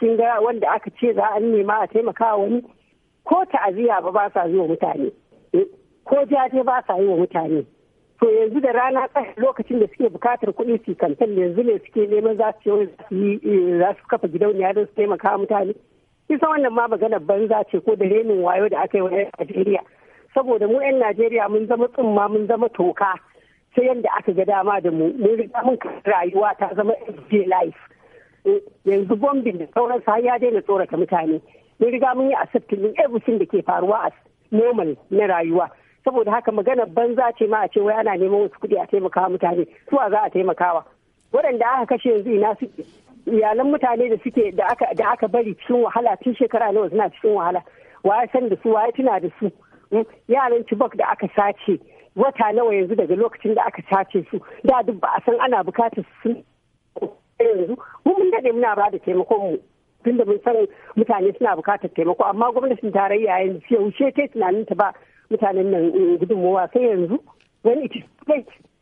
kin ga wanda aka ce za a nema a taimaka wani ko ta'aziyya ba ba sa zuwa wa mutane ko jaje ba sa yi wa mutane to yanzu da rana lokacin da suke bukatar kuɗi su kantar yanzu ne suke neman za su eh, za su kafa gidauniya don su taimaka mutane kisa wannan ma maganar banza ce ko da renin wayo da aka yi wa Najeriya saboda mu 'yan Najeriya mun zama tsumma mun zama toka sai yadda aka ga dama da mu mun riga mun rayuwa ta zama everyday life yanzu bombin da sauran har ya daina tsorata mutane mun riga mun yi accepting everything da ke faruwa a normal na rayuwa saboda haka magana banza ce ma a ce wai ana neman wasu kuɗi a taimaka mutane suwa za a taimakawa waɗanda aka kashe yanzu ina suke iyalan mutane da suke da aka bari cikin wahala tun shekara nawa suna cikin wahala waye san da su waye tuna da su hmm? yaran cibok da aka sace wata nawa yanzu daga lokacin da aka sace su da duk ba a san ana bukatar su yanzu mun mun dade muna ba da taimakon mu tunda mun san mutane suna bukatar taimako amma gwamnatin tarayya yanzu yaushe ta tunanin ta ba mutanen nan eh, gudunmowa sai yanzu wani it is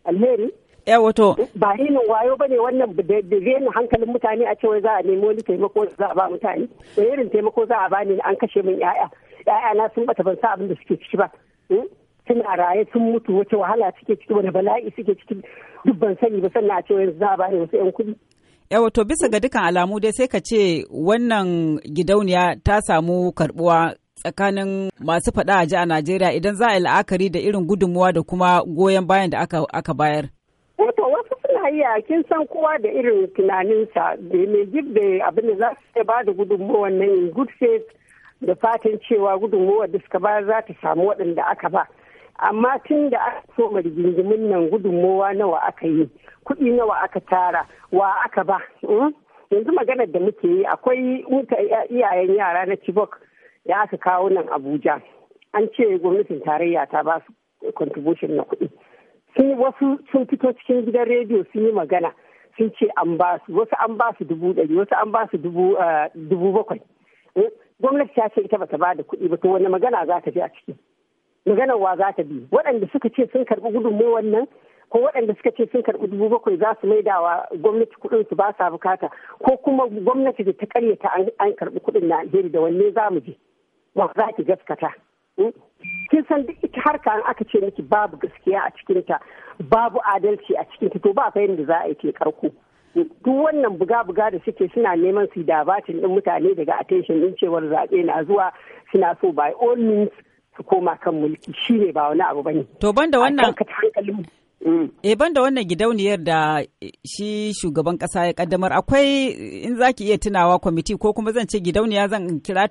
alheri ya eh, wato ba hinin wayo ba ne wannan da rena hankalin mutane a cewa za a nemo wani taimako za a ba mutane da irin taimako za a bani an kashe min yaya yaya na sun bata ban sa abin da suke ciki ba eh? suna raye sun mutu wace wahala suke ciki wani bala'i suke ciki duk ban sani ba sannan a cewa yanzu za a bani wasu yan kuɗi yawa to bisa ga dukan alamu dai sai ka ce wannan gidauniya ta samu karbuwa tsakanin masu faɗa a ji a Najeriya idan za a yi la'akari da irin gudunmuwa da kuma goyon bayan da aka, aka bayar. Wato eh, wasu suna kin san kowa da irin tunaninsa da mai gib da abin da za su ba da gudunmuwa nan in good faith da fatan cewa gudunmuwa da suka bayar za ta samu waɗanda aka ba. amma tun da aka soma rigingimin nan gudunmowa nawa aka yi kuɗi nawa aka tara wa aka ba hmm? yanzu maganar da muke yi akwai iyayen yara na chibok ya aka kawo nan abuja an ce gwamnatin tarayya ta ba su contribution na kuɗi sun wasu sun fito cikin gidan rediyo sun yi magana sun ce an ba su wasu an ba su dubu ɗari wasu an ba su dubu eh, bakwai hmm? gwamnati ta ce ita bata ba da kuɗi ba to wani magana za ta je a ciki maganar wa za ta bi waɗanda suka ce sun karɓi gudunmu wannan ko waɗanda suka ce sun karɓi dubu bakwai za su wa gwamnati kuɗin su ba sa bukata ko kuma gwamnati da ta karyata an karɓi kuɗin na alheri da wanne za mu je wa za ki gaskata hmm? kin san duk ita harka an aka ce miki babu gaskiya a cikinta babu adalci a cikinta to ba fa yadda za a yi ke karko duk wannan buga-buga da suke suna neman su da batin din mutane daga attention din cewar zaɓe na zuwa suna so by all means su koma kan mulki shi ne ba wani abu bane to banda wannan mm. Eh ban da wannan gidauniyar da eh, shi shugaban kasa ya kaddamar akwai in zaki iya tunawa kwamiti ko kuma zan ce gidauniya zan kira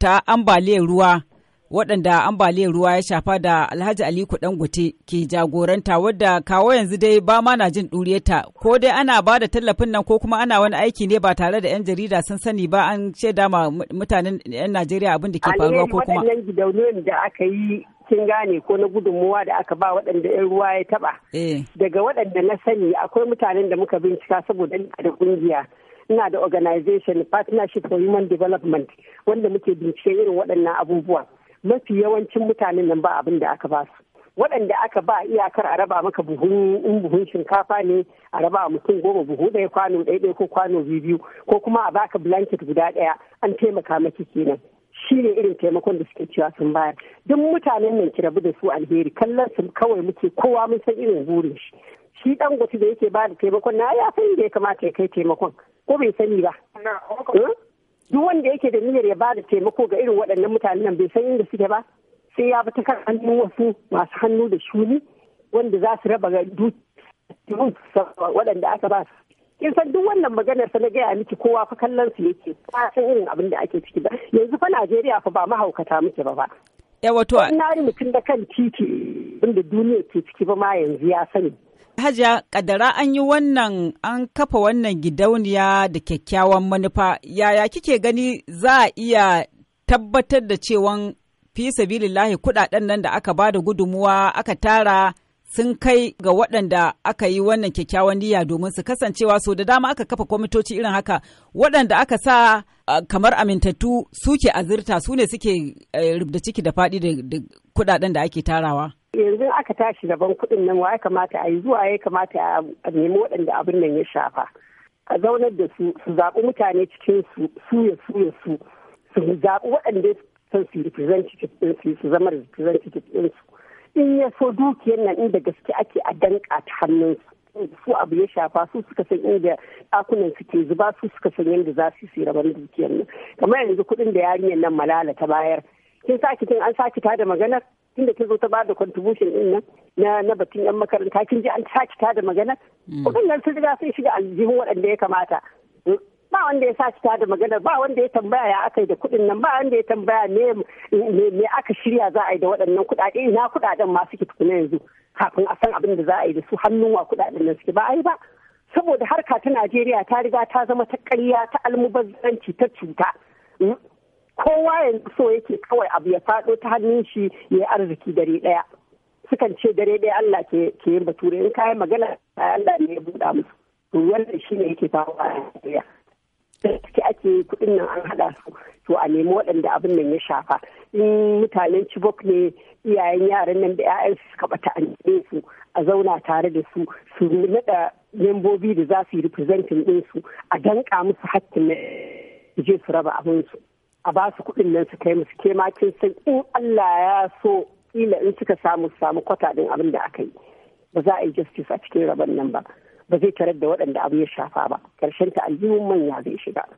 ta ambaliyar ruwa waɗanda ambaliyar ruwa ya shafa da alhaji aliko dangote ke jagoranta wadda kawo yanzu dai ba ma na jin ɗuriyarta ko dai ana ba da tallafin nan ko kuma ana wani aiki ne ba tare da 'yan jarida sun sani ba an ce dama mutanen 'yan najeriya abin da ke faruwa ko kuma da aka yi kin gane ko na gudunmuwa da aka ba waɗanda 'yan ruwa ya taɓa eh. daga waɗanda na sani akwai mutanen da muka bincika saboda da ƙungiya ina da organization partnership for human development wanda muke bincike irin waɗannan abubuwa mafi yawancin mutanen nan ba abin da aka ba su waɗanda aka ba iyakar a raba maka buhun in buhun shinkafa ne a raba mutum goma buhu ɗaya kwano ɗaya ko kwano biyu biyu ko kuma a baka blanket guda ɗaya an taimaka maki kenan shi ne irin taimakon da suke cewa sun bayar duk mutanen nan ki rabu da su alheri kallon su kawai muke kowa mun san irin burin shi shi ɗan gwati da yake ba da taimakon na ya san da ya kamata ya kai taimakon ko bai sani ba duk wanda yake da niyyar ya bada taimako ga irin waɗannan mutanen nan bai san inda suke ba sai ya bi ta kan hannun wasu masu hannu da shuni wanda za su raba ga waɗanda aka ba su kin san duk wannan maganar sa na gaya miki kowa fa kallon su yake ba san irin abin da ake ciki ba yanzu fa Najeriya fa ba mahaukata muke ba ba yawa to mutum da kan titi inda duniya ke ciki ba ma yanzu ya sani Hajiya kadara an yi wannan an kafa wannan gidauniya da kyakkyawan manufa yaya kike gani za a iya tabbatar da cewan fi sabilillahi kudaden nan da aka ba da gudunmuwa aka tara sun kai ga waɗanda aka yi wannan kyakkyawan niyya domin su kasancewa so da dama aka kafa kwamitoci irin haka waɗanda aka sa kamar amintattu suke azurta su ne suke eh, rubda ciki da faɗi da kudaden da ake tarawa. yanzu aka tashi daban kuɗin nan wa ya kamata a yi zuwa ya kamata a nemi waɗanda abin nan ya shafa a zaunar da su su zaɓi mutane cikin su su ya su ya su su zaɓi waɗanda son su representative ɗin su su zama representative ɗin in ya so dukiyar nan inda gaske ake a danƙa ta hannun su su abu ya shafa su suka san inda ɗakunan suke zuba su suka san yadda za su yi rabar dukiyar nan kamar yanzu kuɗin da yarinyar nan malala ta bayar kin sa an saki ta da maganar tunda ta zo ta bada contribution din nan na batun yan makaranta kin ji an saki ta da maganar kuɗin mm. nan sun riga sun shiga aljihun waɗanda ya kamata mm. ba wanda ya saki ta da maganar ba wanda ya tambaya ya aka yi da kuɗin nan ba wanda ya tambaya me aka shirya za a yi da waɗannan kuɗaɗe ina kuɗaɗen masu suke tukuna yanzu kafin a san abin da za a yi da su hannun wa kuɗaɗen nan suke ba yi ba saboda harka ta Najeriya ta riga ta zama ta ƙarya ta almubazzanci ta cuta mm. kowa yanzu so yake kawai abu ya faɗo ta hannun shi ya yi arziki dare ɗaya sukan ce dare ɗaya Allah ke yin bature in kayan magana Allah ne ya buɗa musu to wannan shi ne yake faruwa a Najeriya da ciki ake kuɗin nan an haɗa su to a nemi waɗanda abin nan ya shafa in mutanen Chibok ne iyayen yaran nan da 'ya'yan su suka bata an su a zauna tare da su su naɗa membobi da za su yi representing ɗinsu a danƙa musu hakkin je su raba abin su. a ba su kuɗin nan su kai musu ke kin in Allah ya so kila in suka samu samu kwata din abin da aka yi ba za a yi justice a cikin rabon nan ba ba zai tarar da waɗanda abu ya shafa ba karshen ta aljihun manya zai shiga